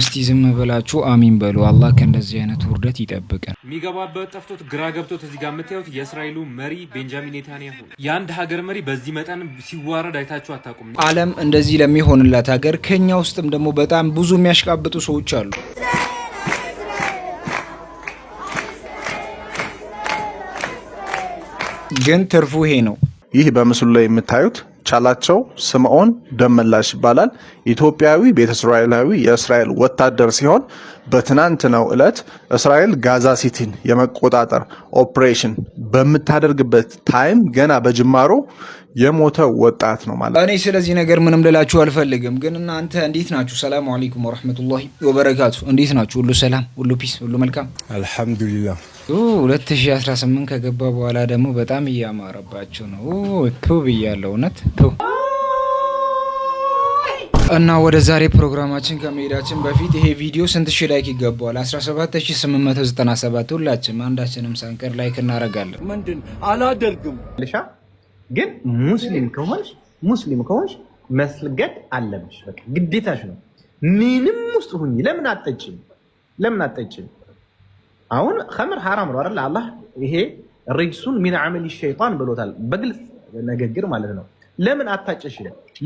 እስቲ ዝም ብላችሁ አሚን በሉ። አላህ ከእንደዚህ አይነት ውርደት ይጠብቀን። የሚገባበት ጠፍቶት ግራ ገብቶት እዚህ ጋር የምታዩት የእስራኤሉ መሪ ቤንጃሚን ኔታንያሁ። የአንድ ሀገር መሪ በዚህ መጠን ሲዋረድ አይታችሁ አታውቁም። ዓለም እንደዚህ ለሚሆንላት ሀገር ከኛ ውስጥም ደግሞ በጣም ብዙ የሚያሽቃብጡ ሰዎች አሉ። ግን ትርፉ ይሄ ነው። ይህ በምስሉ ላይ የምታዩት ቻላቸው ስምዖን ደመላሽ ይባላል። ኢትዮጵያዊ ቤተ እስራኤላዊ የእስራኤል ወታደር ሲሆን በትናንትናው ዕለት እስራኤል ጋዛ ሲቲን የመቆጣጠር ኦፕሬሽን በምታደርግበት ታይም ገና በጅማሮ የሞተ ወጣት ነው ማለት። እኔ ስለዚህ ነገር ምንም ልላችሁ አልፈልግም፣ ግን እናንተ እንዴት ናችሁ? ሰላሙ አለይኩም ወረህመቱላሂ ወበረካቱ። እንዴት ናችሁ? ሁሉ ሰላም፣ ሁሉ ፒስ፣ ሁሉ መልካም አልሐምዱሊላ። 2018 ከገባ በኋላ ደግሞ በጣም እያማረባቸው ነው። ቱ ብያለሁ እውነት እና ወደ ዛሬ ፕሮግራማችን ከመሄዳችን በፊት ይሄ ቪዲዮ ስንት ሺህ ላይክ ይገባዋል? 17897 ሁላችንም አንዳችንም ሳንቀር ላይክ እናደርጋለን። ምንድን አላደርግም ግን ሙስሊም ከሆንሽ ሙስሊም ከሆንሽ መስገድ አለብሽ። በቃ ግዴታሽ ነው። ምንም ውስጥ ሁኝ። ለምን አጠጭም? ለምን አጠጭም? አሁን ከምር ሐራም ነው አይደል? አላህ ይሄ ሪጅሱን ሚን አመል ሸይጣን ብሎታል፣ በግልጽ ንግግር ማለት ነው። ለምን አታጨሽ?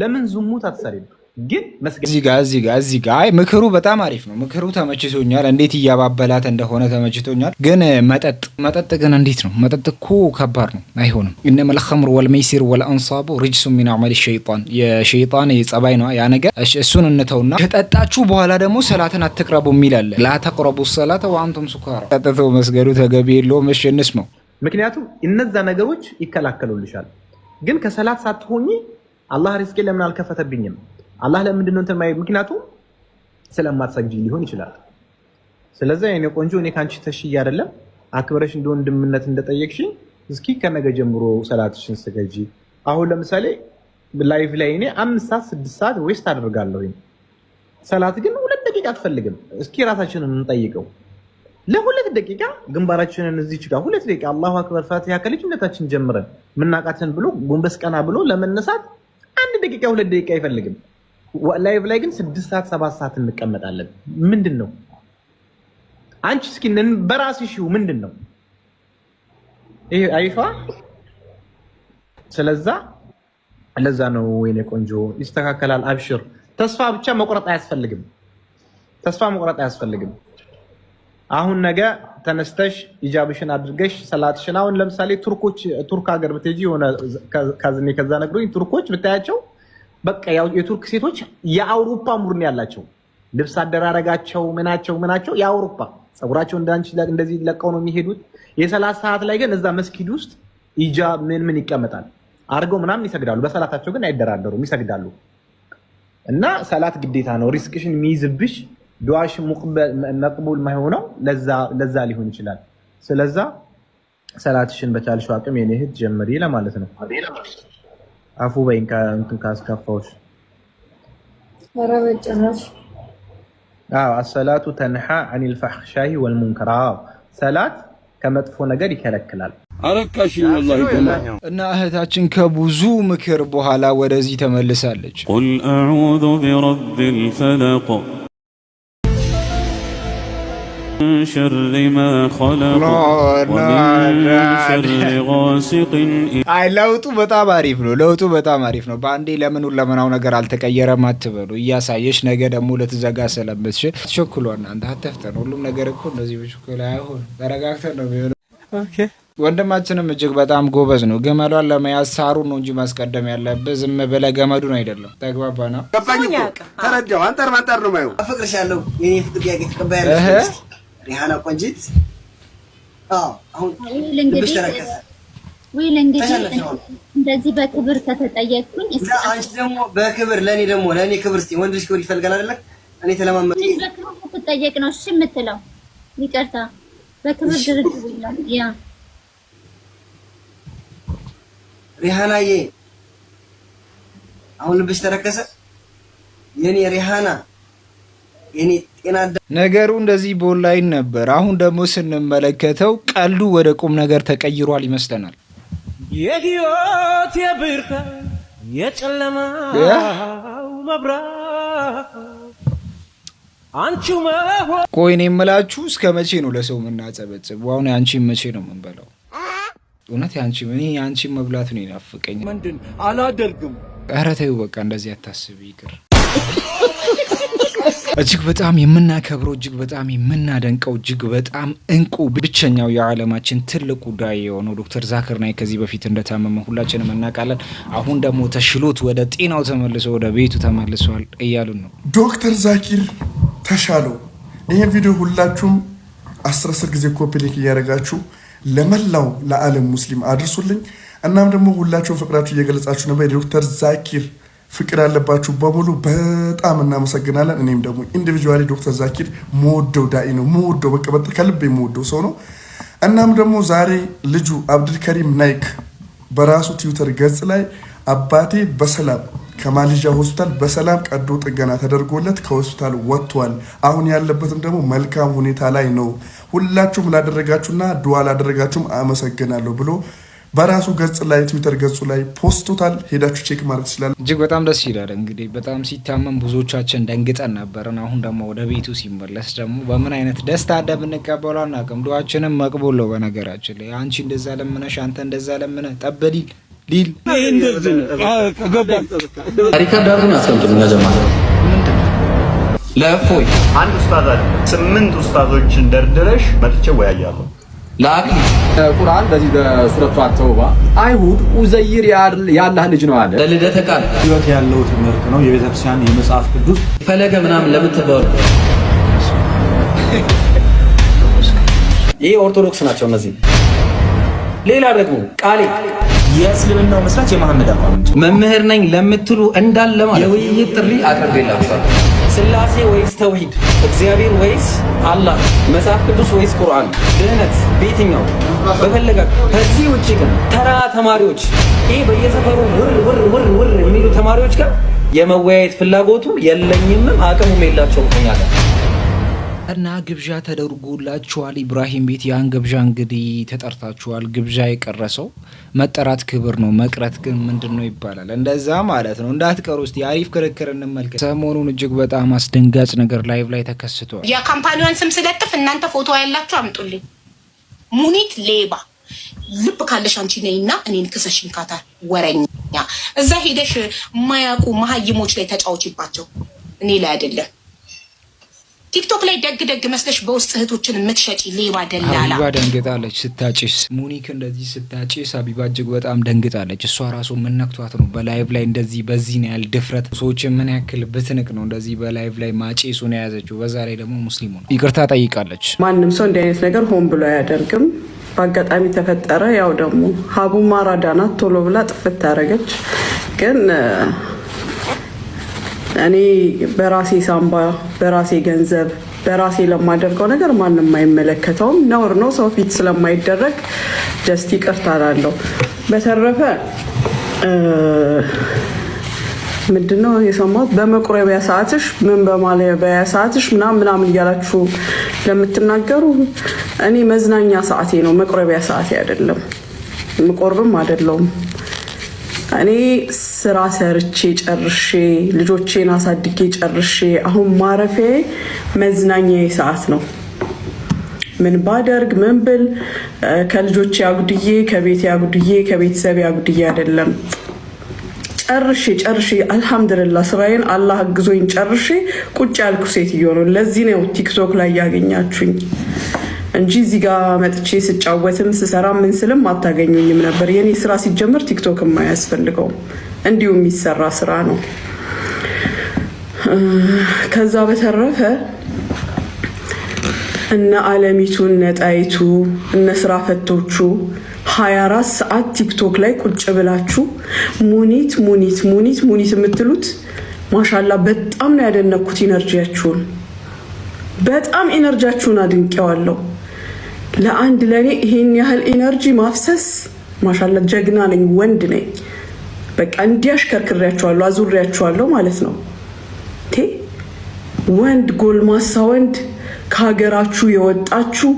ለምን ዝሙት አትሰሪም? ግን እዚህ ጋ እዚህ ጋ እዚህ ጋ ምክሩ በጣም አሪፍ ነው። ምክሩ ተመችቶኛል። እንዴት እያባበላት እንደሆነ ተመችቶኛል። ግን መጠጥ መጠጥ ግን እንዴት ነው? መጠጥ እኮ ከባድ ነው። አይሆንም። ኢነመል ኸምር ወልመይሲር ወልአንሳቡ ሪጅሱ ሚን አዕመል ሸይጣን፣ የሸይጣን የጸባይ ነው ያ ነገር። እሱን እንተውና ከጠጣችሁ በኋላ ደግሞ ሰላትን አትቅረቡ የሚል አለ። ላተቅረቡ ሰላተ ወአንቱም ሱካራ። ጠጥተው መስገዱ ተገቢ የለውም። እሺ እንስማው። ምክንያቱም እነዛ ነገሮች ይከላከሉልሻል። ግን ከሰላት ሳትሆኚ አላህ ሪዝቄ ለምን አልከፈተብኝም አላህ ለምንድን ነው ምክንያቱም ስለማትሰግጂ ሊሆን ይችላል። ስለዚ የኔ ቆንጆ እኔ ከአንቺ ተሽዬ አይደለም አክብረሽ እንደ ወንድምነት እንደጠየቅሽ እስኪ ከነገ ጀምሮ ሰላትሽን ስገጂ። አሁን ለምሳሌ ላይቭ ላይ እኔ አምስት ሰዓት ስድስት ሰዓት ዌስት አደርጋለሁ። ሰላት ግን ሁለት ደቂቃ አትፈልግም። እስኪ ራሳችንን እንጠይቀው። ለሁለት ደቂቃ ግንባራችንን እዚች ጋር ሁለት ደቂቃ አላሁ አክበር ፋቲሃ ከልጅነታችን ጀምረን ምናቃትን ብሎ ጎንበስ ቀና ብሎ ለመነሳት አንድ ደቂቃ ሁለት ደቂቃ አይፈልግም። ላይቭ ላይ ግን ስድስት ሰዓት ሰባት ሰዓት እንቀመጣለን። ምንድን ነው አንቺ እስኪ በራስሽ ይሁ ምንድን ነው ይሄ አይፋ። ስለዛ ለዛ ነው ወይኔ ቆንጆ ይስተካከላል። አብሽር፣ ተስፋ ብቻ መቁረጥ አያስፈልግም። ተስፋ መቁረጥ አያስፈልግም። አሁን ነገ ተነስተሽ ኢጃብሽን አድርገሽ ሰላትሽን። አሁን ለምሳሌ ቱርኮች ቱርክ ሀገር ብትሄጂ የሆነ ከዛ ነግሮኝ ቱርኮች ብታያቸው በቃ የቱርክ ሴቶች የአውሮፓ ሙርን ያላቸው ልብስ አደራረጋቸው ምናቸው ምናቸው የአውሮፓ ፀጉራቸው እንዳንቺ እንደዚህ ለቀው ነው የሚሄዱት። የሰላት ሰዓት ላይ ግን እዛ መስጊድ ውስጥ ኢጃ ምን ምን ይቀመጣል አድርገው ምናምን ይሰግዳሉ። በሰላታቸው ግን አይደራደሩም፣ ይሰግዳሉ። እና ሰላት ግዴታ ነው። ሪስክሽን የሚይዝብሽ ዱዓሽ መቅቡል ማይሆነው ለዛ ሊሆን ይችላል። ስለዛ ሰላትሽን በቻልሽው አቅም የኔ እህት ጀምሪ ለማለት ነው። አፉ በይን ከእንትን ካስከፋዎች። ኧረ በጭራሽ። አዎ አሰላቱ ተንሓ አኒል ፋሕሻይ ወልሙንከር። አዎ ሰላት ከመጥፎ ነገር ይከለክላል። አረካሽ እና እህታችን ከብዙ ምክር በኋላ ወደዚህ ተመልሳለች። ቁል አዑዙ ቢረቢል ፈለቅ من شر ما خلق ومن شر غاسق አይ ለውጡ በጣም አሪፍ ነው። ለውጡ በጣም አሪፍ ነው። በአንዴ ለምን ለምናው ነገር አልተቀየረም አትበሉ። እያሳየሽ ነገ ደግሞ ልትዘጋ ስለምትሽ ቸኩሎ እናንተ አትፍጠን። ሁሉም ነገር እኮ እንደዚህ በችኮላ አይሆን። ተረጋግተን ነው የሚሆነው። ወንድማችንም እጅግ በጣም ጎበዝ ነው። ገመዷን ለመያዝ ሳሩ ነው እንጂ ማስቀደም ያለብህ ዝም ብለህ ገመዱን አይደለም። ተግባባ ነው። ገባኝ። ተረዳው። አንጠር ማንጠር ነው ማየው። አፈቅርሻለሁ ፍቅር ያገኝ ተቀባያለሽ ሪሃና ቆንጂት እንደዚህ በክብር ከተጠየቅኩኝ አንቺ ደግሞ በክብር ለእኔ ደግሞ ለእኔ ክብር እስኪ ወንድ ልጅ ክብር ይፈልጋል አይደለ? እኔ ተለማመድ በክብር ነው እሺ የምትለው። ይቅርታ በክብር ድርድር ይላል። ያ ሪሃናዬ አሁን ልብሽ ተረከሰ የኔ ሪሃና ነገሩ እንደዚህ ቦላይን ነበር። አሁን ደግሞ ስንመለከተው ቀልዱ ወደ ቁም ነገር ተቀይሯል ይመስለናል። የህይወት የብርከ የጨለማው መብራት አንቺው መሆን። ቆይ እኔ የምላችሁ እስከ መቼ ነው ለሰው የምናጨበጭብ? አሁን የአንቺን መቼ ነው የምንበላው? እውነት የአንቺ እኔ የአንቺን መብላት ነው ይናፍቀኝ። ምንድን አላደርግም። ኧረ ተይው በቃ እንደዚህ አታስብ፣ ይቅር እጅግ በጣም የምናከብረው እጅግ በጣም የምናደንቀው እጅግ በጣም እንቁ ብቸኛው የዓለማችን ትልቁ ዳይ የሆነው ዶክተር ዛኪር ናይክ ከዚህ በፊት እንደታመመ ሁላችንም እናውቃለን። አሁን ደግሞ ተሽሎት ወደ ጤናው ተመልሶ ወደ ቤቱ ተመልሷል እያሉን ነው። ዶክተር ዛኪር ተሻለው። ይህን ቪዲዮ ሁላችሁም አስር አስር ጊዜ ኮፒሊክ እያደረጋችሁ ለመላው ለዓለም ሙስሊም አድርሱልኝ። እናም ደግሞ ሁላችሁም ፍቅራችሁ እየገለጻችሁ ነበር ዶክተር ዛኪር ፍቅር ያለባችሁ በሙሉ በጣም እናመሰግናለን። እኔም ደግሞ ኢንዲቪዥዋሊ ዶክተር ዛኪር መወደው ዳኢ ነው መወደው በቃ በጣም መወደው ሰው ነው። እናም ደግሞ ዛሬ ልጁ አብዱልከሪም ናይክ በራሱ ትዊተር ገጽ ላይ አባቴ በሰላም ከማሌዥያ ሆስፒታል በሰላም ቀዶ ጥገና ተደርጎለት ከሆስፒታል ወጥቷል። አሁን ያለበትም ደግሞ መልካም ሁኔታ ላይ ነው። ሁላችሁም ላደረጋችሁና ድዋ ላደረጋችሁም አመሰግናለሁ ብሎ በራሱ ገጽ ላይ ትዊተር ገጹ ላይ ፖስቶታል። ሄዳችሁ ቼክ ማድረግ ይችላል። እጅግ በጣም ደስ ይላል። እንግዲህ በጣም ሲታመም ብዙዎቻችን ደንግጠን ነበርን። አሁን ደግሞ ወደ ቤቱ ሲመለስ ደግሞ በምን አይነት ደስታ እንደምንቀበሉ አናውቅም። ዱዋችንም መቅቡል ነው። በነገራችን ላይ አንቺ እንደዛ ለምነሽ አንተ እንደዛ ለምነ ጠበል ሊል ሪካርድ አርጉን አንድ ኡስታዝ አለ ስምንት ኡስታዞችን ደርድረሽ መጥቼ ወያያለሁ ላክ ቁርአን በዚህ በሱረቱ አተውባ አይሁድ ኡዘይር የአላህ ልጅ ነው አለ። ለልደተ ቃል ህይወት ያለው ትምህርት ነው። የቤተክርስቲያን የመጽሐፍ ቅዱስ ፈለገ ምናምን ለምን ይህ ኦርቶዶክስ ናቸው እነዚህ። ሌላ ደግሞ ቃሌ የእስልምናው መስራች የመሐመድ አቋም መምህር ነኝ ለምትሉ እንዳለ ማለት የውይይት ጥሪ አቅርቤላችኋል። ስላሴ ወይስ ተውሂድ? እግዚአብሔር ወይስ አላህ? መጽሐፍ ቅዱስ ወይስ ቁርአን? ድህነት ቤትኛው በፈለጋ። ከዚህ ውጭ ግን ተራ ተማሪዎች ይህ በየሰፈሩ ውር ውር ውር ውር የሚሉ ተማሪዎች ጋር የመወያየት ፍላጎቱ የለኝምም አቅሙም የላቸውም ከኛ ጋር እና ግብዣ ተደርጎላችኋል ኢብራሂም ቤት። ያን ግብዣ እንግዲህ ተጠርታችኋል። ግብዣ የቀረሰው መጠራት ክብር ነው፣ መቅረት ግን ምንድን ነው ይባላል። እንደዛ ማለት ነው። እንዳትቀሩ ውስጥ የአሪፍ ክርክር እንመልከት። ሰሞኑን እጅግ በጣም አስደንጋጭ ነገር ላይቭ ላይ ተከስቷል። የካምፓኒዋን ስም ስለጥፍ እናንተ ፎቶ ያላችሁ አምጡልኝ። ሙኒት ሌባ ልብ ካለሽ አንቺ ነኝ እኔን ክሰሽኝ። ካታር ወረኛ እዛ ሄደሽ የማያውቁ መሀይሞች ላይ ተጫዎችባቸው እኔ ላይ አይደለም። ቲክቶክ ላይ ደግ ደግ መስለሽ በውስጥ እህቶችን የምትሸጪ ሌባ ደላላ። ሀቢባ ደንግጣለች ስታጭስ፣ ሙኒክ እንደዚህ ስታጭስ ሀቢባ እጅግ በጣም ደንግጣለች። እሷ ራሱ የምነክቷት ነው በላይቭ ላይ እንደዚህ በዚህ ነው ያህል ድፍረት ሰዎች ምን ያክል ብትንቅ ነው እንደዚህ በላይቭ ላይ ማጭሱን የያዘችው። በዛ ላይ ደግሞ ሙስሊሙ ነው ይቅርታ ጠይቃለች። ማንም ሰው እንዲህ አይነት ነገር ሆን ብሎ አያደርግም። በአጋጣሚ ተፈጠረ። ያው ደግሞ ሀቡ ማራዳናት ቶሎ ብላ ጥፍት ታደረገች ግን እኔ በራሴ ሳምባ በራሴ ገንዘብ በራሴ ለማደርገው ነገር ማንም አይመለከተውም። ነውር ነው፣ ሰው ፊት ስለማይደረግ ደስት ይቅርታ እላለሁ። በተረፈ ምንድነው የሰማሁት? በመቁረቢያ ሰዓትሽ ምን በማለቢያ ሰዓትሽ ምናምን ምናምን እያላችሁ ለምትናገሩ እኔ መዝናኛ ሰዓቴ ነው፣ መቁረቢያ ሰዓቴ አይደለም። ምቆርብም አይደለውም። እኔ ስራ ሰርቼ ጨርሼ ልጆቼን አሳድጌ ጨርሼ አሁን ማረፌ መዝናኛ ሰዓት ነው። ምን ባደርግ ምን ብል ከልጆቼ አጉድዬ ከቤቴ አጉድዬ ከቤተሰቤ አጉድዬ አይደለም ጨርሼ ጨርሼ አልሐምድልላ ስራዬን አላህ አግዞኝ ጨርሼ ቁጭ ያልኩ ሴትዮ ነው። ለዚህ ነው ቲክቶክ ላይ ያገኛችሁኝ። እንጂ እዚህ ጋር መጥቼ ስጫወትም ስሰራ ምን ስልም አታገኙኝም ነበር። የኔ ስራ ሲጀምር ቲክቶክም አያስፈልገውም፣ እንዲሁ የሚሰራ ስራ ነው። ከዛ በተረፈ እነ አለሚቱ እነ ጣይቱ እነ ስራ ፈቶቹ 24 ሰዓት ቲክቶክ ላይ ቁጭ ብላችሁ ሙኒት ሙኒት ሙኒት ሙኒት የምትሉት ማሻላ በጣም ነው ያደነኩት። ኢነርጂያችሁን በጣም ኢነርጂያችሁን አድንቄዋለሁ። ለአንድ ለእኔ ይሄን ያህል ኤነርጂ ማፍሰስ ማሻላ ጀግና ነኝ፣ ወንድ ነኝ። በቃ እንዲያሽከርክሬያቸዋለሁ፣ አዙሬያቸዋለሁ ማለት ነው። ወንድ ጎልማሳ ወንድ ከሀገራችሁ የወጣችሁ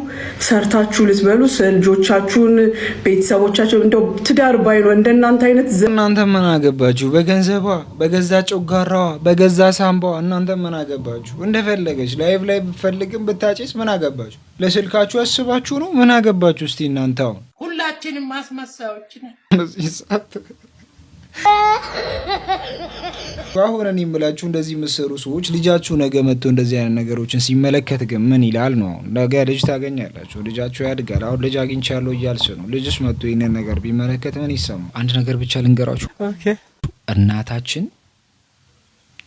ሰርታችሁ ልትበሉ ልጆቻችሁን፣ ቤተሰቦቻቸው እንደው ትዳር ባይኖ እንደናንተ አይነት እናንተ ምን አገባችሁ? በገንዘቧ በገዛ ጮጋራዋ በገዛ ሳምባዋ እናንተ ምን አገባችሁ? እንደፈለገች ላይቭ ላይ ብፈልግም ብታጭስ ምን አገባችሁ? ለስልካችሁ አስባችሁ ነው? ምን አገባችሁ? እስቲ እናንተ አሁን ሁላችንም ማስመሳዎች ነን። አሁን እኔ የምላችሁ እንደዚህ የምትሰሩ ሰዎች ልጃችሁ ነገ መጥቶ እንደዚህ አይነት ነገሮችን ሲመለከት ግን ምን ይላል ነው? ነገ ልጅ ታገኛላችሁ፣ ልጃችሁ ያድጋል። አሁን ልጅ አግኝቻለሁ እያልሽ ነው። ልጅሽ መጥቶ ይህንን ነገር ቢመለከት ምን ይሰማ? አንድ ነገር ብቻ ልንገራችሁ። እናታችን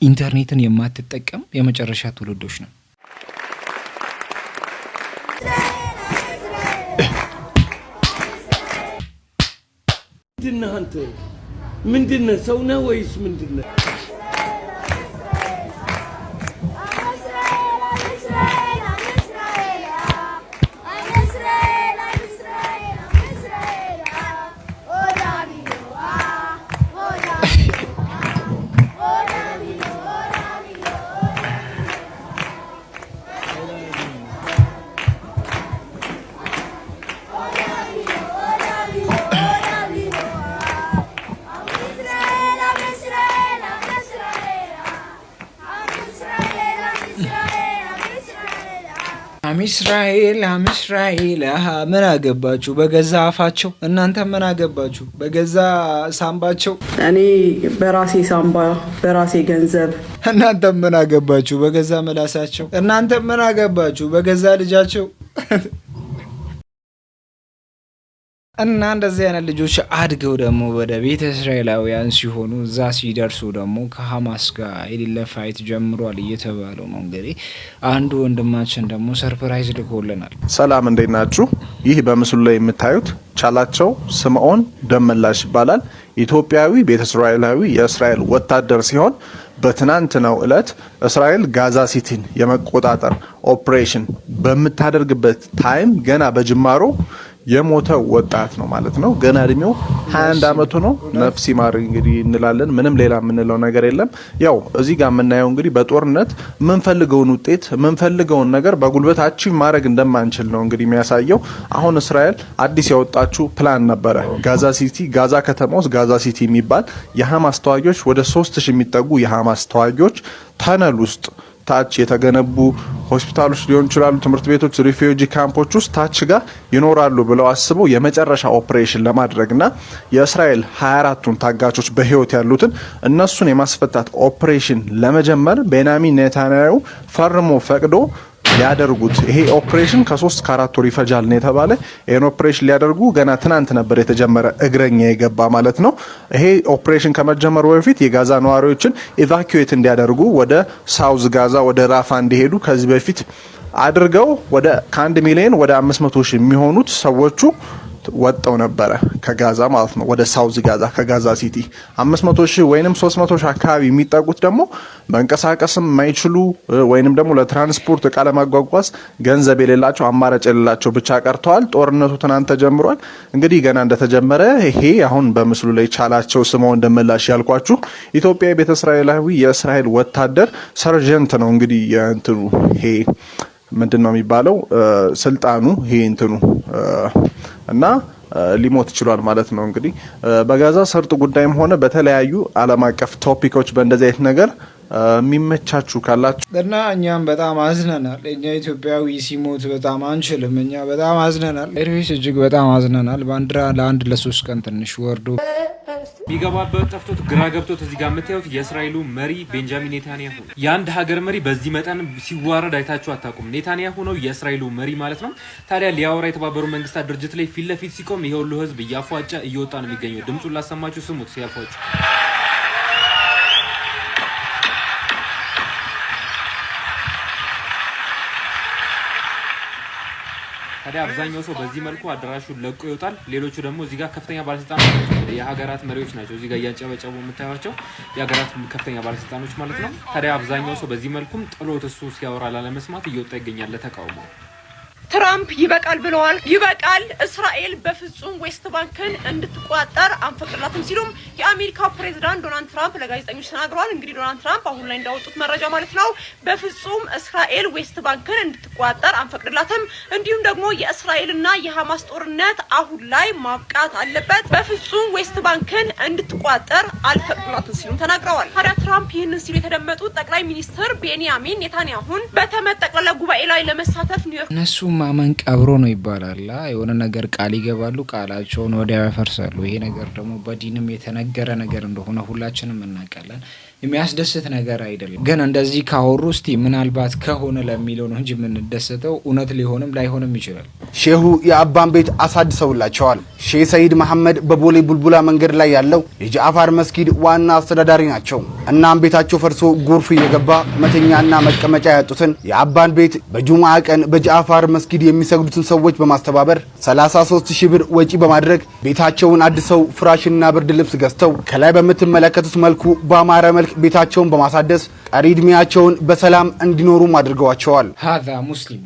ኢንተርኔትን የማትጠቀም የመጨረሻ ትውልዶች ነው። ምንድን ነህ አንተ? ምንድን ሰው ነህ ወይስ ምንድነው አሚስራኤል አሚስራኤል ምን አገባችሁ? በገዛ አፋቸው እናንተ ምን አገባችሁ? በገዛ ሳምባቸው እኔ በራሴ ሳምባ በራሴ ገንዘብ እናንተ ምን አገባችሁ? በገዛ ምላሳቸው እናንተ ምን አገባችሁ? በገዛ ልጃቸው እና እንደዚህ አይነት ልጆች አድገው ደግሞ ወደ ቤተ እስራኤላውያን ሲሆኑ እዛ ሲደርሱ ደግሞ ከሀማስ ጋር የሌለ ፋይት ጀምሯል እየተባለው ነው። እንግዲህ አንዱ ወንድማችን ደግሞ ሰርፕራይዝ ልኮልናል። ሰላም እንዴት ናችሁ? ይህ በምስሉ ላይ የምታዩት ቻላቸው ስምዖን ደመላሽ ይባላል። ኢትዮጵያዊ ቤተ እስራኤላዊ የእስራኤል ወታደር ሲሆን በትናንትናው እለት እስራኤል ጋዛ ሲቲን የመቆጣጠር ኦፕሬሽን በምታደርግበት ታይም ገና በጅማሮ የሞተ ወጣት ነው ማለት ነው። ገና እድሜው 21 አመቱ ነው። ነፍስ ይማር እንግዲህ እንላለን። ምንም ሌላ የምንለው ነገር የለም። ያው እዚህ ጋር የምናየው እንግዲህ በጦርነት የምንፈልገውን ውጤት የምንፈልገውን ነገር በጉልበት አቺቭ ማድረግ እንደማንችል ነው እንግዲህ የሚያሳየው። አሁን እስራኤል አዲስ ያወጣችው ፕላን ነበረ። ጋዛ ሲቲ፣ ጋዛ ከተማ ውስጥ ጋዛ ሲቲ የሚባል የሀማስ ተዋጊዎች ወደ ሶስት ሺህ የሚጠጉ የሀማስ ተዋጊዎች ተነል ውስጥ ታች የተገነቡ ሆስፒታሎች ሊሆን ይችላሉ፣ ትምህርት ቤቶች፣ ሪፊውጂ ካምፖች ውስጥ ታች ጋር ይኖራሉ ብለው አስበው የመጨረሻ ኦፕሬሽን ለማድረግና የእስራኤል 24ቱን ታጋቾች በህይወት ያሉትን እነሱን የማስፈታት ኦፕሬሽን ለመጀመር ቤንያሚን ኔታንያሁ ፈርሞ ፈቅዶ ሊያደርጉት ይሄ ኦፕሬሽን ከሶስት ከአራት ወር ይፈጃል ነው የተባለ። ይህን ኦፕሬሽን ሊያደርጉ ገና ትናንት ነበር የተጀመረ እግረኛ የገባ ማለት ነው። ይሄ ኦፕሬሽን ከመጀመሩ በፊት የጋዛ ነዋሪዎችን ኢቫኪዌት እንዲያደርጉ ወደ ሳውዝ ጋዛ ወደ ራፋ እንዲሄዱ ከዚህ በፊት አድርገው ወደ ከአንድ ሚሊዮን ወደ አምስት መቶ ሺህ የሚሆኑት ሰዎቹ ወጠው ነበረ ከጋዛ ማለት ነው ወደ ሳውዝ ጋዛ ከጋዛ ሲቲ 500 መቶ ሺህ ወይንም 300 ሺህ አካባቢ የሚጠቁት ደግሞ መንቀሳቀስም የማይችሉ ወይንም ደግሞ ለትራንስፖርት እቃ ለማጓጓዝ ገንዘብ የሌላቸው አማራጭ የሌላቸው ብቻ ቀርተዋል። ጦርነቱ ትናንት ተጀምሯል። እንግዲህ ገና እንደተጀመረ ይሄ አሁን በምስሉ ላይ ቻላቸው ስመው እንደመላሽ ያልኳችሁ ኢትዮጵያ ቤተ እስራኤላዊ የእስራኤል ወታደር ሰርጀንት ነው እንግዲህ የእንትኑ ይሄ ምንድን ነው የሚባለው ስልጣኑ ይሄ እንትኑ እና ሊሞት ይችሏል ማለት ነው። እንግዲህ በጋዛ ሰርጥ ጉዳይም ሆነ በተለያዩ ዓለም አቀፍ ቶፒኮች በእንደዚህ አይነት ነገር የሚመቻችሁ ካላችሁ እና እኛም በጣም አዝነናል። እኛ ኢትዮጵያዊ ሲሞት በጣም አንችልም። እኛ በጣም አዝነናል። ኤርዌስ እጅግ በጣም አዝነናል። ባንዲራ ለአንድ ለሶስት ቀን ትንሽ ወርዶ የሚገባበት ጠፍቶት ግራ ገብቶት እዚህ ጋር የምታዩት የእስራኤሉ መሪ ቤንጃሚን ኔታንያሁ ነው። የአንድ ሀገር መሪ በዚህ መጠን ሲዋረድ አይታችሁ አታውቁም። ኔታንያሁ ነው የእስራኤሉ መሪ ማለት ነው። ታዲያ ሊያወራ የተባበሩ መንግስታት ድርጅት ላይ ፊት ለፊት ሲቆም ይሄ ሁሉ ህዝብ እያፏጨ እየወጣ ነው የሚገኘው። ድምፁን ላሰማችሁ፣ ስሙት ሲያፏጭ ታዲያ አብዛኛው ሰው በዚህ መልኩ አዳራሹን ለቆ ይወጣል። ሌሎቹ ደግሞ እዚህ ጋር ከፍተኛ ባለስልጣን የሀገራት መሪዎች ናቸው። እዚህ ጋር እያንጨበጨቡ የምታዩቸው የሀገራት ከፍተኛ ባለስልጣኖች ማለት ነው። ታዲያ አብዛኛው ሰው በዚህ መልኩም ጥሎት እሱ ሲያወራ ላለመስማት እየወጣ ይገኛል ለተቃውሞ ትራምፕ ይበቃል ብለዋል። ይበቃል፣ እስራኤል በፍጹም ዌስት ባንክን እንድትቆጣጠር አንፈቅድላትም ሲሉም የአሜሪካው ፕሬዚዳንት ዶናልድ ትራምፕ ለጋዜጠኞች ተናግረዋል። እንግዲህ ዶናልድ ትራምፕ አሁን ላይ እንዳወጡት መረጃ ማለት ነው በፍጹም እስራኤል ዌስት ባንክን እንድትቆጣጠር አንፈቅድላትም፣ እንዲሁም ደግሞ የእስራኤልና የሐማስ ጦርነት አሁን ላይ ማብቃት አለበት፣ በፍጹም ዌስት ባንክን እንድትቆጣጠር አልፈቅድላትም ሲሉም ተናግረዋል። ታዲያ ትራምፕ ይህንን ሲሉ የተደመጡት ጠቅላይ ሚኒስትር ቤንያሚን ኔታንያሁን በተመድ ጠቅላላ ጉባኤ ላይ ለመሳተፍ ኒውዮርክ ማመን ቀብሮ ነው ይባላል። የሆነ ነገር ቃል ይገባሉ ቃላቸውን ወዲያው ያፈርሳሉ። ይሄ ነገር ደግሞ በዲንም የተነገረ ነገር እንደሆነ ሁላችንም እናውቃለን የሚያስደስት ነገር አይደለም። ግን እንደዚህ ካወሩ እስቲ ምናልባት ከሆነ ለሚለው ነው እንጂ የምንደሰተው እውነት ሊሆንም ላይሆንም ይችላል። ሼሁ የአባን ቤት አሳድሰውላቸዋል። ሼህ ሰይድ መሐመድ በቦሌ ቡልቡላ መንገድ ላይ ያለው የጃዕፋር መስጊድ ዋና አስተዳዳሪ ናቸው። እናም ቤታቸው ፈርሶ ጎርፍ እየገባ መተኛና መቀመጫ ያጡትን የአባን ቤት በጁምዓ ቀን በጃዕፋር መስጊድ የሚሰግዱትን ሰዎች በማስተባበር 33 ሺህ ብር ወጪ በማድረግ ቤታቸውን አድሰው ፍራሽና ብርድ ልብስ ገዝተው ከላይ በምትመለከቱት መልኩ በአማረ መልክ ቤታቸውን በማሳደስ ቀሪ በሰላም እንዲኖሩም አድርገዋቸዋል። ሀዛ ሙስሊሙ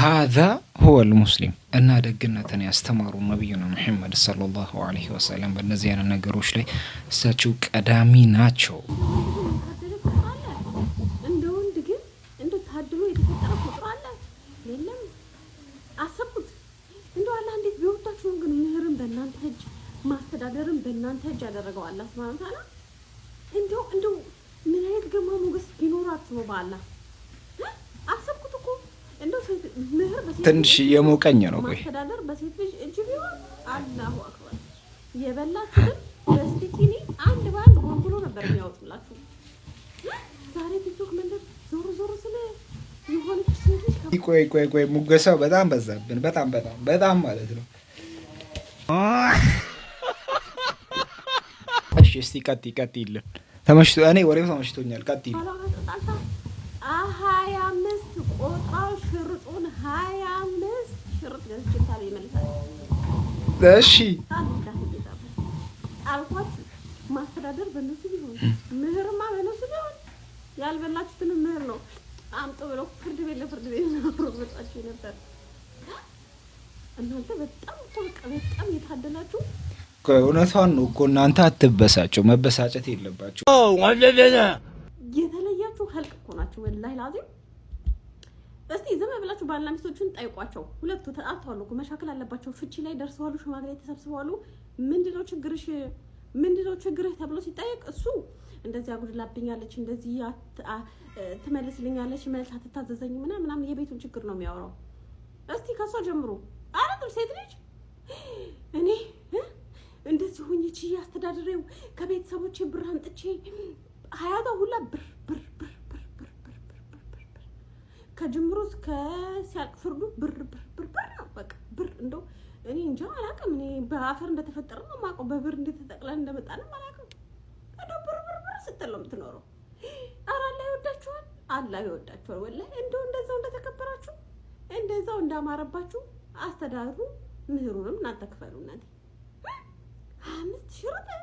ሀዛ ሁወል ሙስሊም እና ደግነትን ያስተማሩ ነቢዩና ሙሐመድ ሰለላሁ አለይሂ ወሰለም በእነዚህ አይነት ነገሮች ላይ እሳቸው ቀዳሚ ናቸው። ግን እጅ ማስተዳደርን በእናንተ እጅ ያደረገው አላህ ሱብሃነሁ ወተዓላ እንደው እንደው ምን አይነት ግርማ ሞገስ ቢኖራት ነው? ባላ አሰብኩት እኮ እንደው ምህር ትንሽ የሞቀኝ ነው። ቆይ ማስተዳደር በሴት ልጅ እጅ ቢሆን አላሁ አክበር። የበላችሁትን በስቲኪኒ አንድ በአንድ ጎንጉሎ ነበር የሚያወጡላችሁ። ዛሬ ቲክቶክ መንደር ዞር ዞር ስለ የሆነች ሴት ልጅ ቆይ ቆይ ቆይ፣ ሙገሳው በጣም በዛብን። በጣም በጣም በጣም ማለት ነው እሺ እስቲ ቀጥ ቀጥ ይል ተመሽቶ እኔ ወሬው ተመሽቶኛል። ቀጥ ይል ሀያ አምስት ቆጣው ሽርጡን ሀያ አምስት ሽርጥ ገዝችታል ይመልሳል። እሺ አልኳት። ማስተዳደር በእነሱ ቢሆን ምህርማ በእነሱ ቢሆን ያልበላችሁትን ምህር ነው አምጦ ብለው ፍርድ ቤት ለፍርድ ቤት ናሮጣችሁ ነበር። እናንተ በጣም ቆልቀ በጣም የታደላችሁ እውነቷን ነው እኮ እናንተ አትበሳቸው፣ መበሳጨት የለባቸው። የተለያችሁ ህልቅ እኮ ናቸው። ወላሂ ላዚም እስቲ ዝም ብላችሁ ባልና ሚስቶችን ጠይቋቸው። ሁለቱ ተጣልተዋል እኮ አለባቸው። ፍቺ ላይ ደርሰዋሉ። ሽማግሌ ተሰብስበዋሉ። ምንድነው ችግርሽ? ምንድነው ችግርህ ተብሎ ሲጠየቅ እሱ እንደዚህ አጉድላብኛለች፣ እንደዚህ ትመልስልኛለች፣ መልስ አትታዘዘኝ ምናምን ምናምን የቤቱን ችግር ነው የሚያወራው። እስቲ ከሷ ጀምሮ አረ ሴት ልጅ እኔ እንደዚህ ሆኜ ችዬ አስተዳድሬው ከቤተሰቦቼ ብር አምጥቼ ሀያቷ ሁላ ብር ብር ብር ብር ብር ብር ብር ብር ብር ብር ከጅምሩ እስከ ሲያልቅ ፍርዱ ብር ብር ብር ብር ነው። በቃ ብር እንደው እኔ እንጃ አላውቅም። እኔ በአፈር እንደተፈጠረ ነው የማውቀው። በብር እንደተጠቅለን እንደመጣንም አላውቅም። እንደው ብር ብር ብር ስትል ነው የምትኖረው። ኧረ አላህ ይወዳችኋል፣ አላህ ይወዳችኋል። ወላሂ እንደው እንደዛው እንደተከበራችሁ እንደዛው እንዳማረባችሁ አስተዳድሩ። ምህሩንም እናንተ ክፈሉ እናንተ አምስት ሺህ ሩብል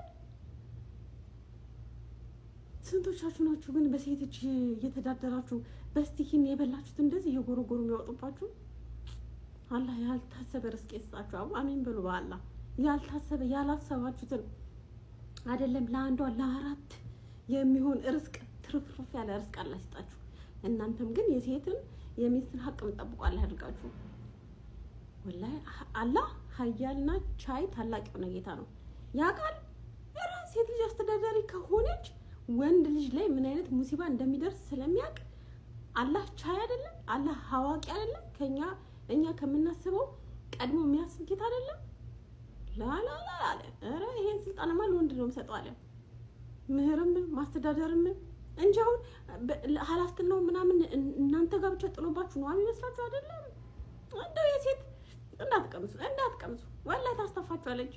ስንቶቻችሁ ናችሁ ግን በሴት እጅ እየተዳደራችሁ በስቲኪን የበላችሁት እንደዚህ እየጎረጎሩ የሚያወጡባችሁ? አላህ ያልታሰበ ርስቅ ይስጣችሁ። አሜን በሉ። በአላህ ያልታሰበ ያላሰባችሁትን አይደለም ለአንዷ ለአራት የሚሆን ርስቅ ትርፍርፍ ያለ ርስቅ አላህ ይስጣችሁ። እናንተም ግን የሴትን የሚስትን ሀቅ የምጠብቁ አላህ ያድርጋችሁ። ወላሂ አላህ ሀያልና ቻይ ታላቅ የሆነ ጌታ ነው። ያውቃል። ራስ ሴት ልጅ አስተዳዳሪ ከሆነች ወንድ ልጅ ላይ ምን አይነት ሙሲባ እንደሚደርስ ስለሚያውቅ አላህ ቻይ አይደለም፣ አላህ አዋቂ አይደለም፣ ከኛ እኛ ከምናስበው ቀድሞ የሚያስብ አይደለም። ላላላ አለ። ኧረ ይሄን ስልጣንማ ለወንድ ነው የምሰጠው አለ። ምህርም ማስተዳደርም እንጂ አሁን ኃላፊነቱ ምናምን እናንተ ጋር ብቻ ጥሎባችሁ ነው የሚመስላችሁ አይደለም። እንደው የሴት እንዳትቀምሱ፣ እንዳትቀምሱ ወላሂ ታስተፋችኋለች።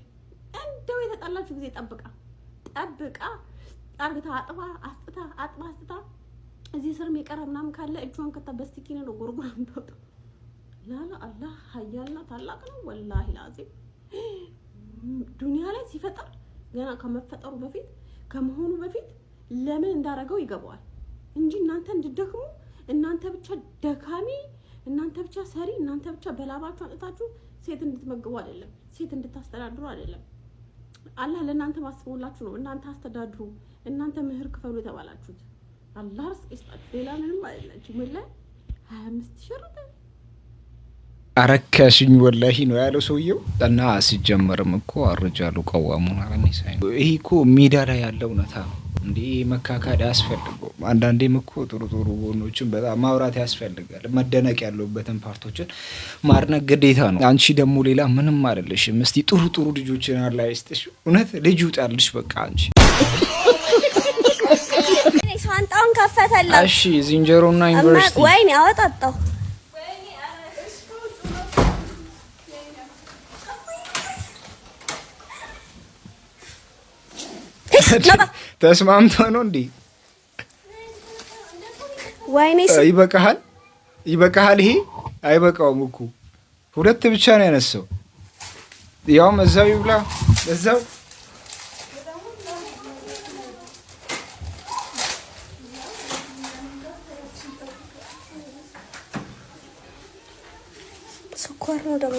እንደው የተጣላችሁ ጊዜ ጠብቃ ጠብቃ አርግታ አጥባ አስጥታ አጥባ አስጥታ እዚህ ስርም የቀረ ምናምን ካለ እጇን ከታ በስቲኪን ነው ጎርጎር አምጣጡ። ላላ አላህ ሀያልና ታላቅ ነው። ወላሂ ላዚም ዱንያ ላይ ሲፈጠር ገና ከመፈጠሩ በፊት ከመሆኑ በፊት ለምን እንዳደረገው ይገባዋል እንጂ እናንተ እንድደክሙ እናንተ ብቻ ደካሚ፣ እናንተ ብቻ ሰሪ፣ እናንተ ብቻ በላባችሁ አጥታችሁ ሴት እንድትመግቡ አይደለም፣ ሴት እንድታስተዳድሩ አይደለም። አላህ ለእናንተ ባስቦላችሁ ነው እናንተ አስተዳድሩ፣ እናንተ ምህር ክፈሉ የተባላችሁት። አላህ ርስቅ ይስጣችሁ። ሌላ ምንም አይደላችሁ። ምን ላይ ሀያ አምስት ሸርጥ አረካሽኝ ወላሂ ነው ያለው ሰውየው። እና ሲጀመርም እኮ አርጃሉ ቀዋሙን ቀዋሙ ይህ እኮ ሜዳ ላይ ያለ እውነታ ነው። እንዴ መካካድ አያስፈልገውም። አንዳንዴም እኮ ጥሩ ጥሩ ጎኖችን በጣም ማውራት ያስፈልጋል። መደነቅ ያለበትን ፓርቶችን ማድነቅ ግዴታ ነው። አንቺ ደግሞ ሌላ ምንም አይደለሽም። እስቲ ጥሩ ጥሩ ልጆችን አላ ይስጥሽ። እውነት ልጅ ይውጣልሽ። በቃ አንቺ ሻንጣውን ከፈተላ። እሺ ዝንጀሮና ዩኒቨርሲቲ ወይኔ አወጣጣው ተስማምቶ ነው እንዴ? ወይኔስ ይበቃሃል፣ ይበቃሃል። ይሄ አይበቃውም እኮ ሁለት ብቻ ነው ያነሳው። ያውም እዛው ይብላ እዛው ስኳር ነው ደግሞ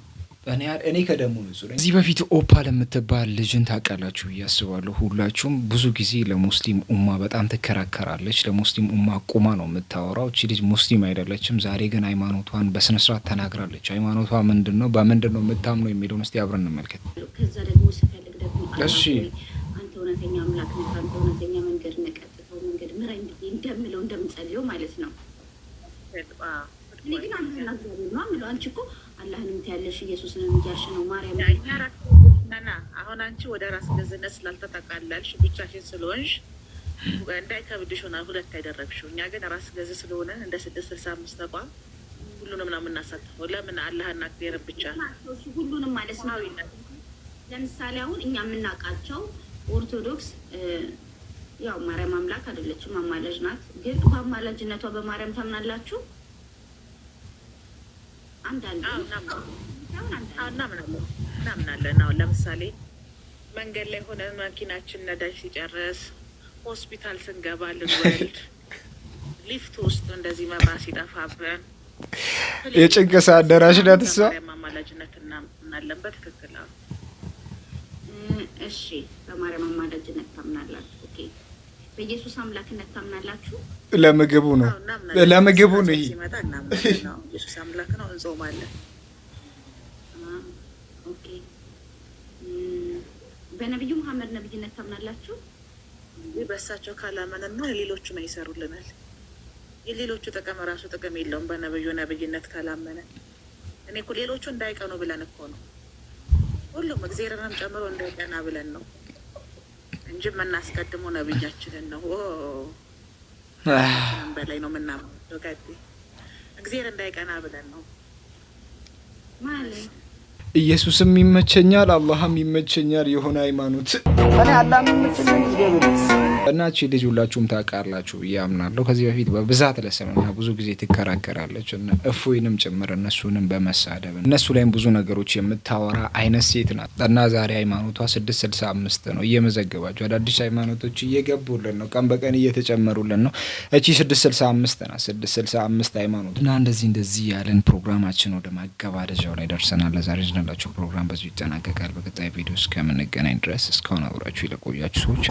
እኔ ከደሙ ንጹህ በፊት ኦፓ ለምትባል ልጅን ታውቃላችሁ ብዬ አስባለሁ። ሁላችሁም ብዙ ጊዜ ለሙስሊም ኡማ በጣም ትከራከራለች። ለሙስሊም ኡማ ቁማ ነው የምታወራው። እቺ ልጅ ሙስሊም አይደለችም። ዛሬ ግን ሃይማኖቷን በስነስርዓት ተናግራለች። ሃይማኖቷ ምንድን ነው፣ በምንድን ነው የምታምነው የሚለውን እስቲ አብረን እንመልከት። እሺ፣ እውነተኛ አምላክ ነህ፣ አንተ እውነተኛ መንገድ ነህ፣ ቀጥታው መንገድ ምራኝ እንደምለው እንደምጸልየው ማለት ነው እኔ ግን አላህና እግዚአብሔር ነው ምለው። አንቺ እኮ አላህንም ትያለሽ ኢየሱስን እያልሽ ነው ማርያም። አሁን አንቺ ወደ ራስ ገዝነት ስላልተጠቃለልሽ ብቻሽን ስለሆንሽ እንዳይከብድሽ ሆናል ሁለት አይደረግሽው። እኛ ግን ራስ ገዝ ስለሆነ እንደ ስድስት ስልሳ አምስት ተቋም ሁሉንም ነው የምናሳትፈው። ለምን አላህና እግዚአብሔር ብቻ ሁሉንም ማለት ነው። ለምሳሌ አሁን እኛ የምናውቃቸው ኦርቶዶክስ ያው ማርያም አምላክ አይደለችም፣ አማላጅ ናት። ግን በአማላጅነቷ በማርያም ታምናላችሁ? አንዳንድ እናምናለን አሁን ለምሳሌ መንገድ ላይ ሆነ መኪናችን ነዳጅ ሲጨርስ፣ ሆስፒታል ስንገባ ልንወልድ፣ ሊፍት ውስጥ እንደዚህ መብራት ሲጠፋብን የጭንቀሳ አዳራሽ ናት እሷ። አማላጅነት እናምናለን። በትክክል እሺ። በማርያም አማላጅነት ታምናላችሁ? ኦኬ በኢየሱስ አምላክነት ታምናላችሁ? ለምግቡ ነው ለምግቡ ነው። ይሄ ኢየሱስ አምላክ ነው እንጾማለን። ኦኬ በነቢዩ መሐመድ ነብይነት ታምናላችሁ? ይህ በእሳቸው ካላመንና የሌሎቹን አይሰሩልናል። የሌሎቹ ጥቅም ራሱ ጥቅም የለውም። በነብዩ ነብይነት ካላመነ እኔ እኮ ሌሎቹ እንዳይቀኑ ብለን እኮ ነው ሁሉም እግዚአብሔርንም ጨምሮ እንዳይቀና ብለን ነው እንጂ የምናስቀድሞ ነብያችንን ነው በላይ ነው የምናምነው። ጋዴ እግዜር እንዳይቀና ብለን ነው ኢየሱስም ይመቸኛል፣ አላህም ይመቸኛል የሆነ ሃይማኖት እኔ እናች ልጅ ሁላችሁም ታውቃላችሁ እያምናለሁ። ከዚህ በፊት በብዛት ለስምና ብዙ ጊዜ ትከራከራለች እና እፎይንም ጭምር እነሱንም በመሳደብ እነሱ ላይም ብዙ ነገሮች የምታወራ አይነት ሴት ናት እና ዛሬ ሃይማኖቷ ስድስት ስልሳ አምስት ነው። እየመዘገባችሁ አዳዲስ ሃይማኖቶች እየገቡልን ነው፣ ቀን በቀን እየተጨመሩልን ነው። እቺ ስድስት ስልሳ አምስት ናት። ስድስት ስልሳ አምስት ሃይማኖት እና እንደዚህ እንደዚህ ያለን ፕሮግራማችን ወደ ማገባደጃው ላይ ደርሰናል። ለዛሬ ይዘንላችሁ ፕሮግራም በዚሁ ይጠናቀቃል። በቀጣይ ቪዲዮ እስከምንገናኝ ድረስ እስካሁን አብራችሁ የቆያችሁ ሰዎች